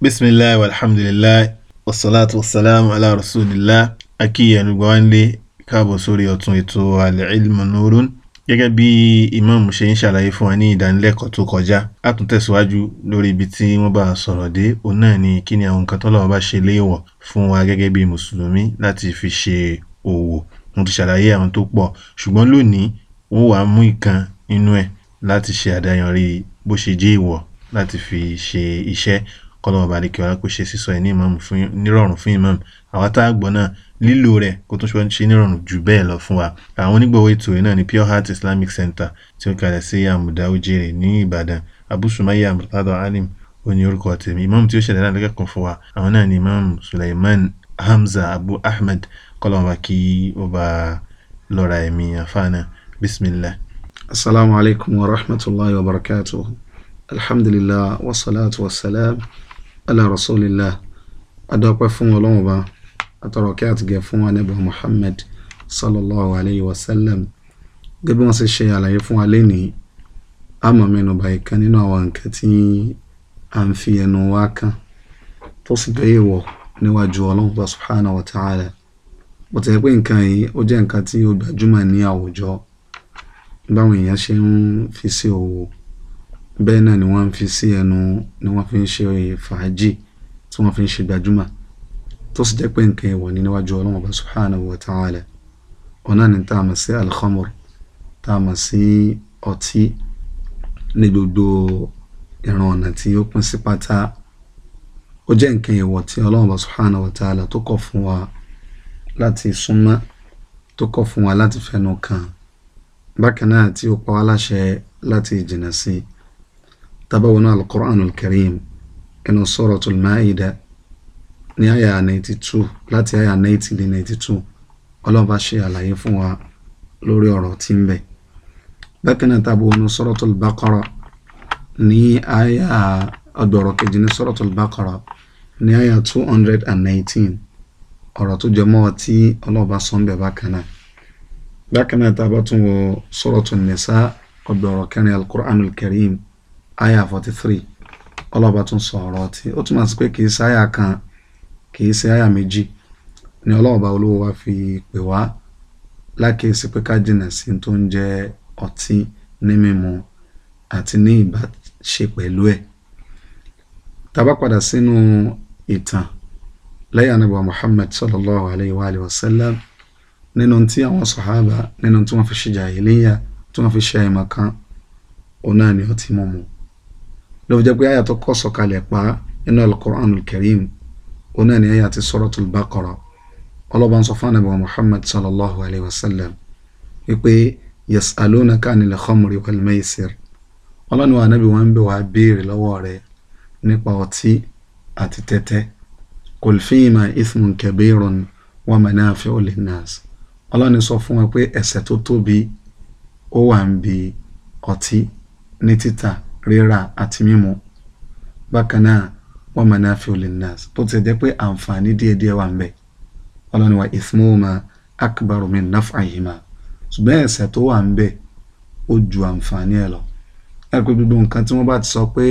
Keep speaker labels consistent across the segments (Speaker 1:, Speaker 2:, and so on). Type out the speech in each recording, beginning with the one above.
Speaker 1: bisimilahi alhamdulilayi wasalaatu wasalaamu ala rasulillah akíyanu gbawande káàbọ̀ sórí ọ̀tun ètò al-ilmu nurun gẹ́gẹ́ bí ìmáàmù ṣe ń ṣàlàyé fún wa ní ìdánilẹ́kọ̀ọ́ tó kọjá a tún tẹ̀síwájú lórí ibi tí wọ́n bá sọ̀rọ̀ dé òun náà ni kí ni àwọn nǹkan tọ́lọ́run bá ṣe léèwọ̀ fún wa gẹ́gẹ́ bí mùsùlùmí láti fi ṣe òwò mo ti ṣàlàyé àwọn tó pọ̀ ṣùgbọ́n lónìí wọ́n wàá mú ìkan nínú ẹ̀ láti ṣe àdáyanrí bó ṣe jẹ́ ìwọ̀ láti fi ṣe iṣẹ́ kọ́lọ́ ọba àdìkẹ́ ọ̀la kó ṣe sísọ ẹ̀ ní ìmáàmù fún nírọ̀rùn fún ìmáàmù àwa tá a gbọ́ náà lílò rẹ̀ kó tún ṣe nírọ̀rùn jù bẹ́ẹ̀ lọ fún wa àwọn onígbọ̀wọ́ ètò yìí náà ni Pure Heart Islamic Center tí ó kalẹ̀ sí àmùdá òjèrè ní Ìbàdàn Abu Sumayya Alim ó orúkọ tèmi ìmáàmù tí ó ṣẹlẹ̀ náà lẹ́kẹ̀kọ́ fún wa àwọn náà ni ìmáàmù Sulaiman Hamza Abu Ahmed kọ́lọ́ ọba kí ó bá lọ́ra ẹ̀mí àfáàná bismillah. asalaamualeykum wa rahmatulahi wa barakatuh alhamdulilah wa salatu wa salam ala rasulillah adọ́pẹ́ fún ọlọ́run ọba àtọ̀rọ̀ kí àtìgẹ́ fún anábọ̀ muhammad sallallahu alayhi wa sallam gẹ́gẹ́ bí wọ́n ṣe ṣe àlàyé fún wa lẹ́nìí àmọ́ mẹ́nu báyìí kan nínú àwọn nǹkan tí à ń fi ẹnu wa kàn tó sì jẹ́ èèwọ̀ níwájú ọlọ́run ọba subhanahu wa ta'ala bó ti yẹ pé nǹkan yìí ó jẹ́ nǹkan tí ó gbajúmọ̀ ní àwùjọ báwọn èèyàn ṣe ń fi sí òwò bẹ́ẹ̀ náà ni wọ́n ń fi sí ẹnu ni wọ́n fi ń ṣe fàájì tí wọ́n fi ń ṣe gbajúmọ̀ tó sì jẹ́ pé nǹkan ìwọ̀ ní níwájú ọlọ́run ọba subhanahu wa ta'ala ọ̀nà ni tá a mọ̀ sí alkhamr tá a mọ̀ sí ọtí ní gbogbo ìran ọ̀nà tí ó pín sí pátá ó jẹ́ nǹkan ìwọ̀ tí ọlọ́run ọba subhanahu wa ta'ala tó kọ̀ fún wa láti súnmọ́ tó kọ̀ fún wa láti fẹnu kàn bákan náà tí ó pa wá láṣẹ láti jìnnà sí tabawona alukur'an alkarim inú suratul maida ní àyà 92 láti àyà 90 dé 92 ọlọ́run bá ṣe àlàyé fún wa lórí ọ̀rọ̀ tí ń bẹ bákan náà tabawona suratul baqara ní àyà ọgbọ̀rọ̀ kejì ní suratul baqara ní àyà 219 ọ̀rọ̀ tó jẹ mọ́ ọtí ọlọ́ọ̀bá sọ́ńbẹ̀ bákan náà bákan náà tabawona suratul nisa ọgbọ̀rọ̀ kẹrin alukur'an alkarim aya forty three ọlọ́ba tún sọ ọ̀rọ̀ ọtí ó túmọ̀ sí pé kì í ṣe aya kan kì í ṣe aya méjì ni ọlọ́ọ̀ba olówó wa fi pè wá lákèésí pé ká jìnà sí tó ń jẹ ọtí ní mímu àti ní ìbáṣe pẹ̀lú ẹ̀ tàbá padà sínú ìtàn lẹ́yìn anábọ̀ Muhammad sallallahu alayhi wa alayhi wa sallam nínú tí àwọn sàhábà nínú tí wọ́n fi ṣe jàhílíyà tí wọ́n fi ṣe àìmọ̀ kan òun náà ni ọtí mímu ló fi jẹ́ pé àyà tó kọ́ sọ̀kalẹ̀ pa nínú al-Qur'anul Karim òun náà ni àyà ti Suratul Baqara ọlọ́ba ń sọ fún ànábì Muhammad sallallahu alayhi wa sallam wípé yas'alunaka anil khamri wal maisir ọlọ́ni wa ànábì wọn ń bẹ̀ wá béèrè lọ́wọ́ rẹ̀ nípa ọtí àti tẹ́tẹ́ kul fihima ithmun kabirun wa manafi'u linnas ọlọ́ni sọ fún wọn pé ẹ̀ṣẹ̀ tó tóbi ó wà ń bi ọtí ní títà rírà àti mímu bákan náà wa manafi'u linnas tó ti jẹ́ pé àǹfààní díẹ̀díẹ̀ wà ń bẹ̀ ọlọ́ni wa ithmuhuma akbaru min naf'ihima ṣùgbọ́n ẹ̀ṣẹ̀ tó wà ń bẹ̀ ó ju àǹfààní ẹ̀ lọ ẹ̀ pé gbogbo nǹkan tí wọ́n bá ti sọ pé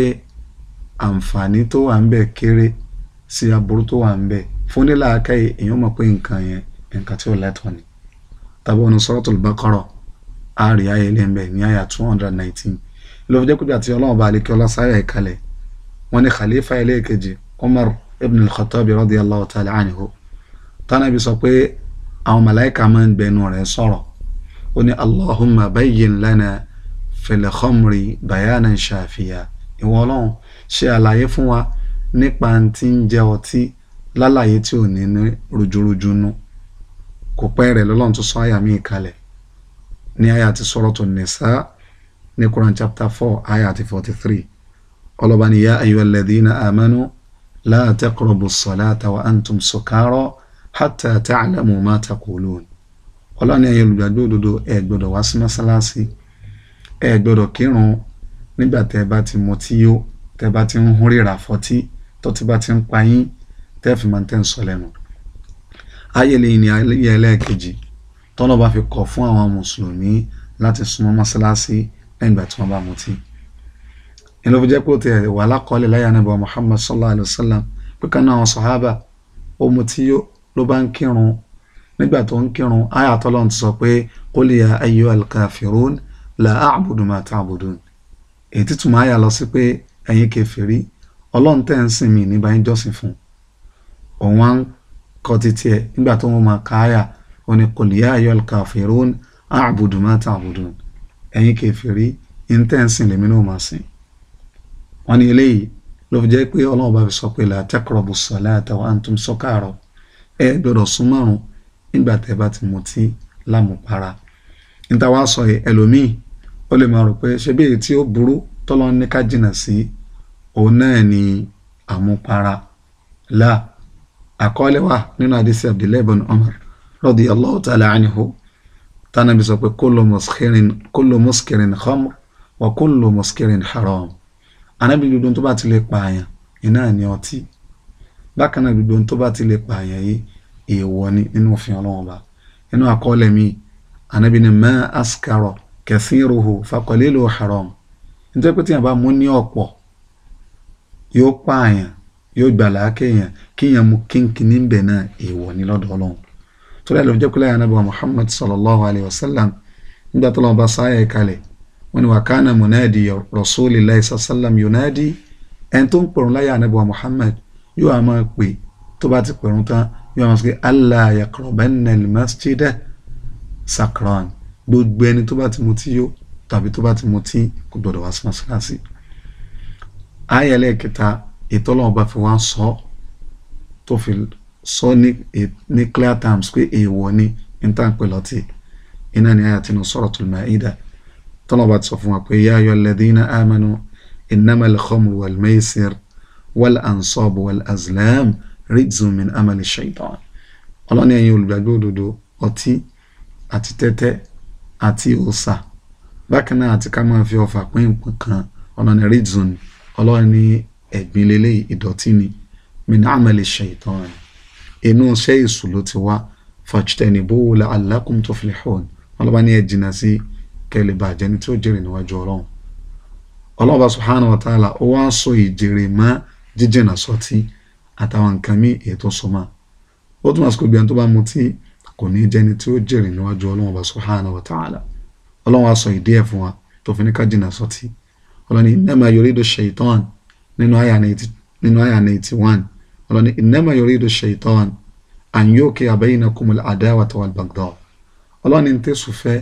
Speaker 1: àǹfààní tó wà ń bẹ̀ kéré sí aburú tó wà ń bẹ̀ fúnilá akáyè èèyàn mọ̀ pé nǹkan yẹn nǹkan tí ó lẹ́tọ̀ ni tàbí ọ̀nà Suratul Baqara àárí ayẹlẹ́ ń ní àyà two hundred nineteen ló fi jẹ́ kúbi àti ọlọ́run baálé kí ọlá sáyà ìkalẹ̀ wọn ni khalifa ẹlẹ́ẹ̀kejì umar ibn al-khattabi radiyallahu ta'ala anhu tánàbí sọ pé àwọn màláìka máa ń gbẹnu rẹ̀ sọ̀rọ̀ ó ní allahumma bayyin lana fil khamri shafiya ìwọ ọlọ́run ṣe àlàyé fún wa nípa ti ń jẹ ọtí lálàyé tí ò ní ní rojúrojú nú kò pẹ́ rẹ̀ lọ́lọ́run tó sọ àyà míì kalẹ̀ ní àyà ti suratu nisa ní Quran chapter four ayah ti forty three ọlọ́ba ni ya ayyuhal ladhina amanu la taqrabu salata wa antum sukara hatta ta'lamu ma taqulun ọlọ́ni ẹ̀yin olùgbàgbọ́ òdodo ẹ̀ gbọ́dọ̀ wá sí mọ́sálásí ẹ̀ gbọ́dọ̀ kírun nígbà tẹ́ bá ti mọtí yó tẹ́ bá ti ń hún rírà fọtí tọ́tí bá ti ń pa yín tẹ́ fi máa ń tẹ́ ń sọ lẹ́nu. ayẹlẹ ìní ayẹyẹ ẹlẹ́ẹ̀kejì tọ́lọ́ bá fi kọ̀ fún àwọn mùsùlùmí láti súnmọ́ mọ́sálásí lẹ́yìn ìgbà tí wọ́n bá mutí ní ló fi jẹ́ pé ó ti wà lákọọ́lẹ̀ láyé anábọ̀ Muhammad sallallahu alayhi wa sallam pé kan náà àwọn sọ̀hábà ó mutí ló bá ń kírun nígbà tó ń kírun àyà tọ́lọ́run ti sọ pé qul ya ayyuhal kafirun la a'budu ma ta'budun èyí títúmọ̀ àyà lọ sí pé ẹ̀yin kèfèrí ọlọ́run tẹ́ ń sìn mí ní báyìí jọ́sìn fún òun wá ń kọ títí ẹ̀ nígbà tó ń mọ káyà ó ní qul ya ayyuhal kafirun a'budu ma ta'budun ẹ̀yin kèfèrí intensin lèmi náà máa sìn wọ́n ní eléyìí ló fi jẹ́ pé ọlọ́run bá fi sọ pé la taqrabu salata wa antum sukara ẹ gbọ́dọ̀ sún márùn nígbà tẹ́ bá ti mutí lámùpara níta wá sọ ẹlòmíì ó lè máa rò pé ṣé bí èyí tí ó burú tọ́lọ́ ní ká jìnnà sí òun náà ni àmupara la àkọọ́lẹ̀ wà nínú àdìsí Abdullahi ibn Umar radiyallahu ta'ala anhu tánàbí sọ pé kullu muskirin kullu muskirin khamr wa kullu muskirin haram anábì gbogbo tó bá ti lè pààyàn iná ni ọtí bákan náà gbogbo tó bá ti lè pààyàn yìí èèwọ̀ ni nínú òfin ọlọ́run ọba nínú àkọọ́lẹ̀ mi anábì ni ma askaro kathiruhu faqalilu haram nítorí pé tíyàn bá mú ní ọ̀pọ̀ yóò pààyàn yóò gbà láàkẹ́yàn kíyàn mú kínkín níbẹ̀ náà èèwọ̀ ni lọ́dọ̀ ọlọ́run torí àlọ́ jẹ́ kúlẹ̀ ànábọ̀ muhammad sallallahu alayhi wa sallam nígbà tó lọ́wọ́ bá sáyà ìkàlẹ̀ wọn ni wàkánà munadi rasulillahi sallam yunadi ẹn tó ń pẹ̀rùn láyà ànábọ̀ muhammad yóò á máa pè tó bá ti pẹ̀rùn tán yóò á máa sọ allah yakrobanna masjida sakran gbogbo ẹni tó bá ti mutí yó tàbí tó bá ti mutí kò gbọdọ̀ wá sí mọ́sálásí. ayẹlẹ́ kẹta ìtọ́lọ́wọ́ bá fi wá sọ tó fi sọ ní eh, ní clear terms pé èèwọ̀ ni níta ń pè lọ́tì iná ní àyà tinú Suratul Maida tọ́lọ́ba ti sọ fún wa pé ya ayyuhal ladhina amanu innamal khamru wal maisir wal ansab wal azlam rijzun min amali shaitan ọlọ́ni ẹ̀yin olùgbàgbé òdodo ọtí àti tẹ́tẹ́ àti òòsà bákan náà àti ká máa fi ọfà pín nǹkan kan ọlọ́ni rijzun ọlọ́ni ẹ̀gbin lélẹ́yìí ìdọ̀tí inú iṣẹ́ èṣù ló ti wá fajtanibuhu la'allakum tuflihun ọlọ́ba ní ẹ jìnnà sí kẹlẹ̀ bàjẹ́ ní tí ó jèrè níwájú ọlọ́run ọlọ́ba subhanahu wa ta'ala ó wá sọ ìjèrè mọ́ jíjìnà sọtí àtàwọn nǹkan mí ètò sọmọ ó tún àsìkò gbìyànjú tó bá mutí kò ní jẹ́ni tí ó jèrè níwájú ọlọ́run ọba subhanahu wa ta'ala ọlọ́run wa sọ ìdí ẹ̀ fún wa tó fi ní ká jìnnà sọtí ọlọ́ni innama yuridu shaytan nínú àyà 91 ọlọ́ni innama yuridu shaitan an yuqi'a bainakumul adawata wal baghdha ọlọ́ni ń tẹ̀sùn fẹ́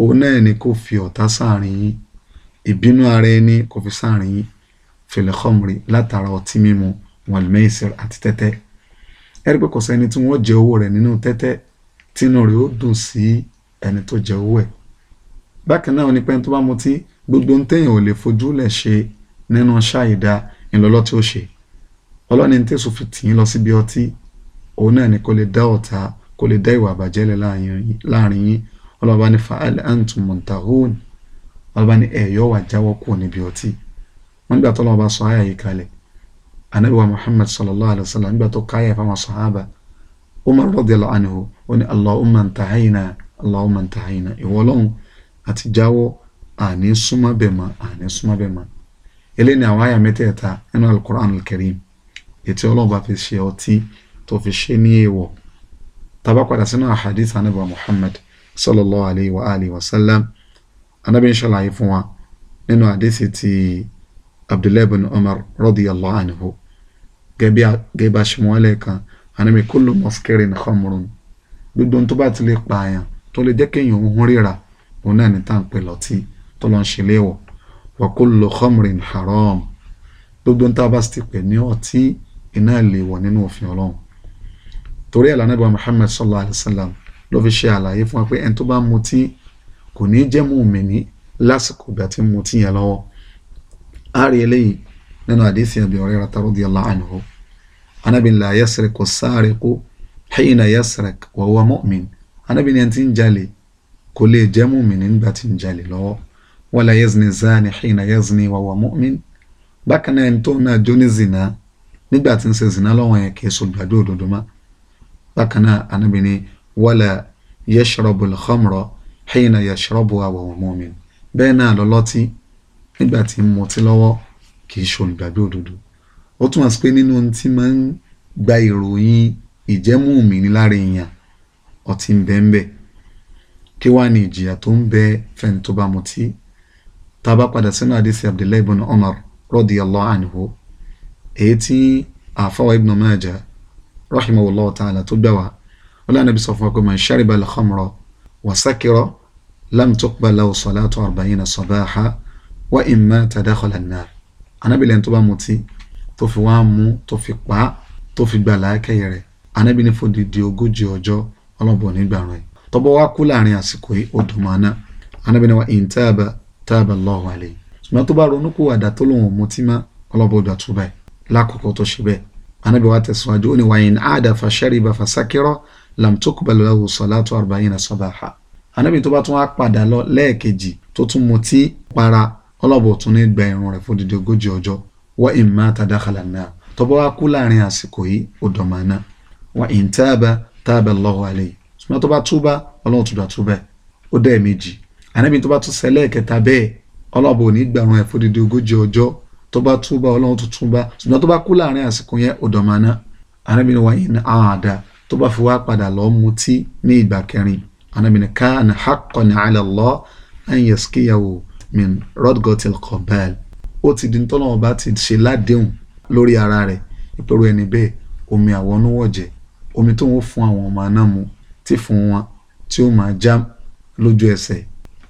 Speaker 1: òun náà ni kò fi ọ̀tá sáàrin yín ìbínú ara ẹni kò fi sáàrin yín fil khamri látara ọtí mímu wal maisir àti tẹ́tẹ́ ẹ̀rí pé kò sẹ́ni tí wọ́n jẹ owó rẹ̀ nínú tẹ́tẹ́ tínú rẹ̀ ó dùn sí ẹni tó jẹ owó ẹ̀ bákan náà ni pé bá mutí gbogbo ń ò lè fojú lẹ̀ ṣe nínú ṣáìdá ńlọlọ́ ó ṣe ọlọ́ni tí èso fi tì yín lọ síbi ọtí òun náà ni kò lè dá ọ̀tá kò lè dá ìwà àbàjẹ́ lẹ̀ láàrin yín ọlọ́ba ní fa'al antum muntahun ọlọ́ba ní ẹ̀yọ́ wà jáwọ́ kù níbi ọtí wọ́n nígbà tó lọ́wọ́ bá sọ ayà yìí kalẹ̀ anabi wa muhammad sallallahu alayhi wa sallam nígbà tó káyà ìfáwọn sahaba umar radiyallahu anhu ó ní allahumma ntahayna allahumma ntahayna ètò ọlọ́run bá fi ṣe ọtí tó fi ṣe ní èèwọ̀ tàbá padà sínú àhàdíìsì anábà Muhammad sallallahu alayhi wa alihi wa sallam anábì ń ṣàlàyé fún wa nínú àdíìsì ti Abdullahi bin Umar radiyallahu anhu gẹ́gẹ́ bá ṣe wọ́n lẹ́ẹ̀kan anábì kullu muskirin khamrun gbogbo tó bá ti lè pààyàn tó lè jẹ́ kéèyàn ń ríra òun náà ní tàǹpẹ̀ lọ́tí tó lọ́n ṣe léèwọ̀ wa kullu khamrin haram gbogbo tá bá ti pè ní ọtí iná lè wọ̀ nínú òfin ọlọ́run torí ẹ̀ lànàbà Muhammad sallallahu alayhi wa sallam ló fi ṣe àlàyé fún wa pé ẹni tó bá mutí kò ní jẹ́ mùmíní lásìkò ìgbà tí mutí yẹn lọ́wọ́ a rí eléyìí nínú àdéhìí Abi Hurayrah radiyallahu anhu Ànábì la yasriqu as-sariqu hina yasriq wa huwa mu'min Ànábì ni ẹni tí ń jalè kò lè jẹ́ mùmíní nígbà tí ń jalè lọ́wọ́ wala yazni zani hina yazni wa huwa mu'min bákan náà ẹni tó náà jóní zina nígbà tí ń ṣe zina lọ́wọ́ yẹn kìí sọ̀gbàdo òdodo mọ́ bákan náà anábì ni wala yashrabu al-khamra hina yashrabu wa huwa mu'min bẹ́ẹ̀ náà lọ́lọ́tí nígbà tí ń mutí lọ́wọ́ kìí sọ̀gbàdo òdodo ó túmọ̀ sí pé nínú ohun tí máa ń gba ìròyìn ìjẹ́mùmí ní lára èèyàn ọtí ń bẹ́ẹ̀ bẹ́ẹ̀ kí wàá ní ìjìyà tó ń bẹ fẹ́ni tá a bá padà sínú àdìsí Abdullahi ibn Umar radiyallahu anhu èyí tí àfọwọ́ ibn Majah rahimahullah ta'ala tó gbà wá ọlọ́run nàbí sọ fún wa pé man shariba al-khamra wa sakira lam tuqbal lahu salatu arba'ina sabaha wa in mata dakhala an-nar anábìlẹ̀ tó bá mutí tó fi wá mú tó fi pa tó fi gbà láàkẹ́yẹ rẹ̀ anábìlẹ̀ fòdìdí ogójì ọjọ́ ọlọ́bọ̀ nígbàrún ẹ̀ tọ́bọ̀ wá kú láàrin àsìkò yìí ó dùn mọ́ná anábìlẹ̀ wa in taba taba Allahu alayhi ṣùgbọ́n tó bá ronú kó àdá tó mutí má ọlọ́bọ̀ ọdọ̀ àtúbà yìí lákòókò tó ṣe bẹ́ẹ̀ anábì wa tẹ̀síwájú ó ní wàyí ní àdá fàṣẹ́rìbà fàṣàkírọ́ làmtókùbẹ̀lú lahu sọ̀látù àrùbáyìn sọ̀bàhà anábì tó bá tún wá padà lọ lẹ́ẹ̀kejì tó tún mutí para ọlọ́bù tún ní gba ìrun rẹ̀ fódìdí ogójì ọjọ́ wọ́n ìmọ̀ àtàdákàlà náà tó bá wá kú láàrin àsìkò yìí ó dọ̀mà náà wọ́n ìntàbà tàbà Allahu alayhi ṣùgbọ́n tó bá túbà ọlọ́run tó dà ó dẹ́ẹ̀mejì anábì tó bá tún ṣẹlẹ́ẹ̀kẹta bẹ́ẹ̀ ọlọ́bù ò ní gba ìrun rẹ̀ fódìdí ogójì ọjọ́ tó bá túbà ọlọ́run tó túbà ṣùgbọ́n tó bá kú láàrin àsìkò yẹn ọ̀dọ̀mọ̀ná arábìnrin wa yìí ní àádá tó bá fi wá padà lọ́ọ́ mutí ní ìgbà kẹrin arábìnrin káàní haqqan ala Allah an yaskiyahu min rodgotil qabal ó ti di tọ́lọ́wọ́n bá ti ṣe ládéhùn lórí ara rẹ̀ ìpẹ̀rù ẹni bẹ́ẹ̀ omi àwọn onúwọ̀jẹ̀ omi tó ń fún àwọn ọmọ náà mu tí fún wọn tí ó máa já lójú ẹsẹ̀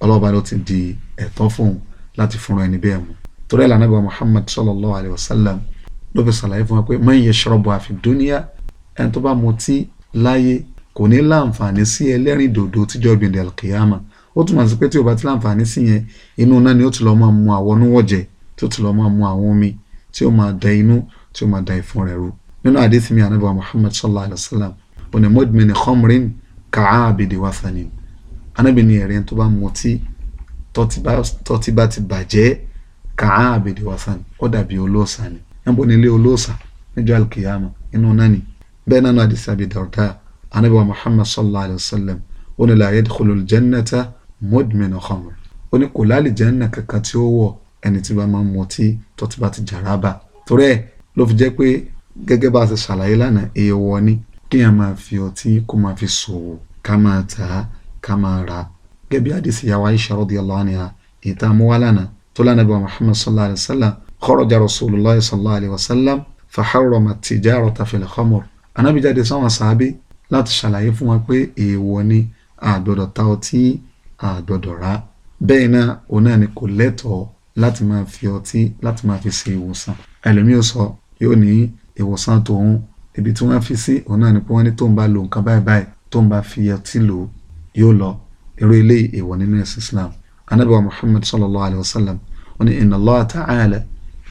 Speaker 1: ọlọ́ba ló ti di ẹ̀tọ́ fóun láti fúnra ẹni bẹ́ẹ̀ mu torí ẹ̀ lànà bí wa Muhammad sallallahu alayhi wa sallam ló fi sàlàyé fún wa pé man yashrabuha fi dunya ẹni tó bá mutí láyé kò ní láǹfààní sí ẹlẹ́rìn dòdò tíjọ́ gbìndẹ̀ alkiyama ó túmọ̀ sí pé tí o bá ti láǹfààní sí yẹn inú náà ni ó ti lọ́ máa mu àwọn onúwọ̀jẹ̀ tí ó ti lọ́ máa mu àwọn omi tí ó máa da inú tí ó máa da ìfun rẹ̀ rú nínú àdìsí mi ànábì Muhammad sallallahu alayhi wa sallam bọ̀nẹ̀ mọ́dìmẹ́ni khamrin kàábìdì wàsá ni ó dàbí olóòsà ni níbo ni ilé olóòsà níjọ́ alkiyama inú náà ni bẹ́ẹ̀ náà náà dìsẹ́ àbídọ̀dá anabi wa muhammad sallallahu alayhi wa sallam ó ní la yadkhulu aljannata mudminu khamr ó ní kò láàlì jẹ́nà kankan tí ó wọ̀ ẹni tí bá máa ń mọtí tó ti bá ti jàrábà torí ẹ̀ ló fi jẹ́ pé gẹ́gẹ́ bá a ti ṣàlàyé lánàá èèwọ̀ ni kéèyàn máa fi ọtí kó máa fi ṣòwò ká máa tà á ká máa rà á gẹ́gẹ́ àdìsí yàwá Aisha radiyallahu anha èyí tá lánàá tọ́lá nàbí wa muhammad sallallahu alayhi wa sallam kharaja rasulillah sallallahu alayhi wa sallam faharoma tijarata fil khamr anabi jáde sáwọn sàábé láti ṣàlàyé fún wa pé èèwọ̀ ni àgbọ̀dọ̀ ta ọtí àgbọ̀dọ̀ rà bẹ́ẹ̀ náà òun náà ni kò lẹ́tọ̀ọ́ láti máa fi ọtí láti máa fi ṣe ìwòsàn ẹlòmíì sọ yóò ní ìwòsàn tòun ibi tí wọ́n fi sí òun náà ni pé wọ́n ní tóun bá lo nǹkan báyìí báyìí tóun bá fi ọtí lò yóò lọ eré eléyìí èèwọ̀ nínú ẹ̀sìn Islam anabiwa muhammad sallallahu alayhi wa sallam ó ní الله تعالى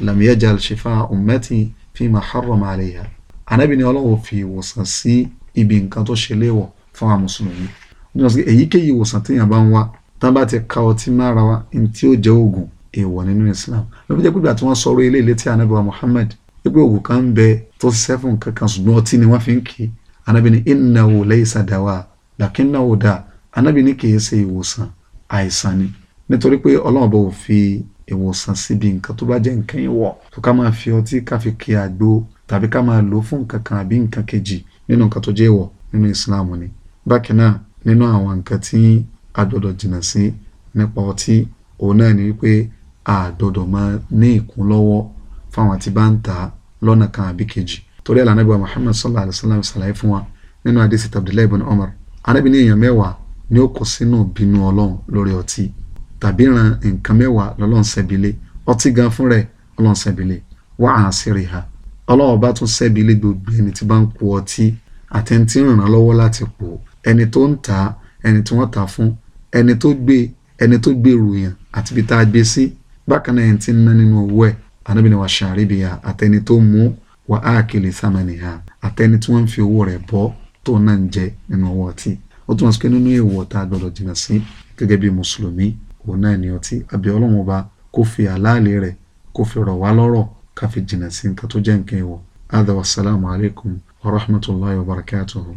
Speaker 1: لم يجعل شفاء أمتي فيما حرم عليها. أنا بني الله في fi ìwòsàn sí ibi nǹkan tó ṣe léwọ̀ fún àwọn mùsùlùmí èyíkéyìí ìwòsàn téèyàn انتيو ń wá tán bá ti ka ọtí mára wa ní tí ó jẹ́ oògùn èèwọ̀ nínú islam lọ́bí jẹ́ pípa tí wọ́n sọ̀rọ̀ ilé ilé tí anabiwa muhammad pípé oògùn kan ń bẹ tó ṣiṣẹ́ fún nǹkan ọtí ni wọ́n fi ń kí anabi ni innahu laysa dawa lakinnahu da anabi ni kì í ṣe ìwòsàn àìsàn ni nítorí pé ọlọ́run bò fi ìwòsàn síbi nǹkan tó bá jẹ́ nǹkan ìwọ̀ tó ká máa fi ọtí ká fi kí àgbo tàbí ká máa lò fún nǹkan kan àbí nǹkan kejì nínú nǹkan tó jẹ́ ìwọ̀ nínú Islam ni. bákan náà nínú àwọn nǹkan tí a gbọ́dọ̀ jìnnà sí nípa ọtí òun náà ni wípé a gbọ́dọ̀ máa ní ìkún lọ́wọ́ fáwọn tí bá ń tà á lọ́nà kan àbí kejì torí àlànà ìgbà sallallahu alayhi wa sallam ṣàlàyé fún wa nínú àdìsí Abdullahi ibn Umar anábìnrin èèyàn mẹ́wàá ni ó kó sínú bínú ọlọ́run lórí ọtí tàbí ran nǹkan mẹ́wàá lọ́lọ́run sẹ́bilé ọtí gan fún rẹ̀ ọlọ́run sẹ́bilé wá àhán sí rí ha ọlọ́run bá tún sẹ́bilé gbogbo ẹni tí bá ń po ọtí àti ẹni tí ń ràn án lọ́wọ́ láti pò ẹni tó ń ta ẹni tí wọ́n ta fún ẹni tó gbé ẹni tó gbé ròyìn àti ibi tá a gbé sí bákan náà ẹni tí ń ná nínú owó ẹ̀ anábìnrin wa ṣàríbìyà àtẹni tó mú wà á kele sámánìyà àtẹni tí wọ́n ń fi owó rẹ̀ bọ́ tó náà ń jẹ nínú owó ọtí ó túmọ̀ sí pé nínú èèwọ̀ tá a gbọ́dọ̀ jìnnà sí gẹ́gẹ́ bí mùsùlùmí òun náà ni ọtí àbí ọlọ́run ọba kó fi àlàálẹ̀ rẹ̀ kó fi rọ̀ wá lọ́rọ̀ ká fi jìnnà sí nǹkan tó jẹ́ nǹkan ìwọ̀. adàwọ̀ sàlámù alaykum wa rahmatulahi wa barakatuhu.